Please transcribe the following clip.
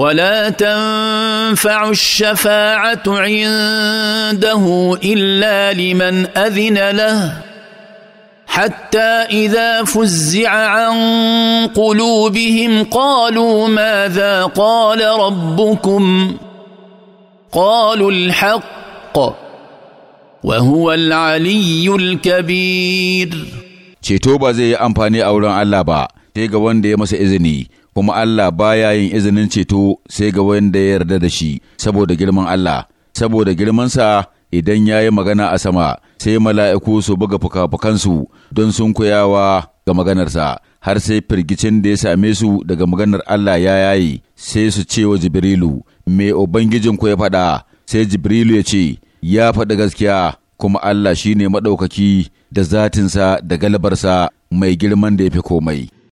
ولا تنفع الشفاعه عنده الا لمن اذن له حتى اذا فزع عن قلوبهم قالوا ماذا قال ربكم قالوا الحق وهو العلي الكبير ceto زي امباني اولا amfani a wurin Allah ba sai kuma Allah baya yin izinin ceto sai ga wanda ya yarda da shi saboda girman Allah saboda girmansa idan ya yi magana a sama sai mala'iku su buga fuka-fukansu don sun kuyawa ga maganarsa har sai firgicin da ya same su daga maganar Allah ya yayi sai su ce wa Jibrilu me ku ya faɗa sai Jibrilu ya ce ya faɗi gaskiya kuma Allah shi ne maɗaukaki da zatinsa da galibarsa mai girman da ya fi komai.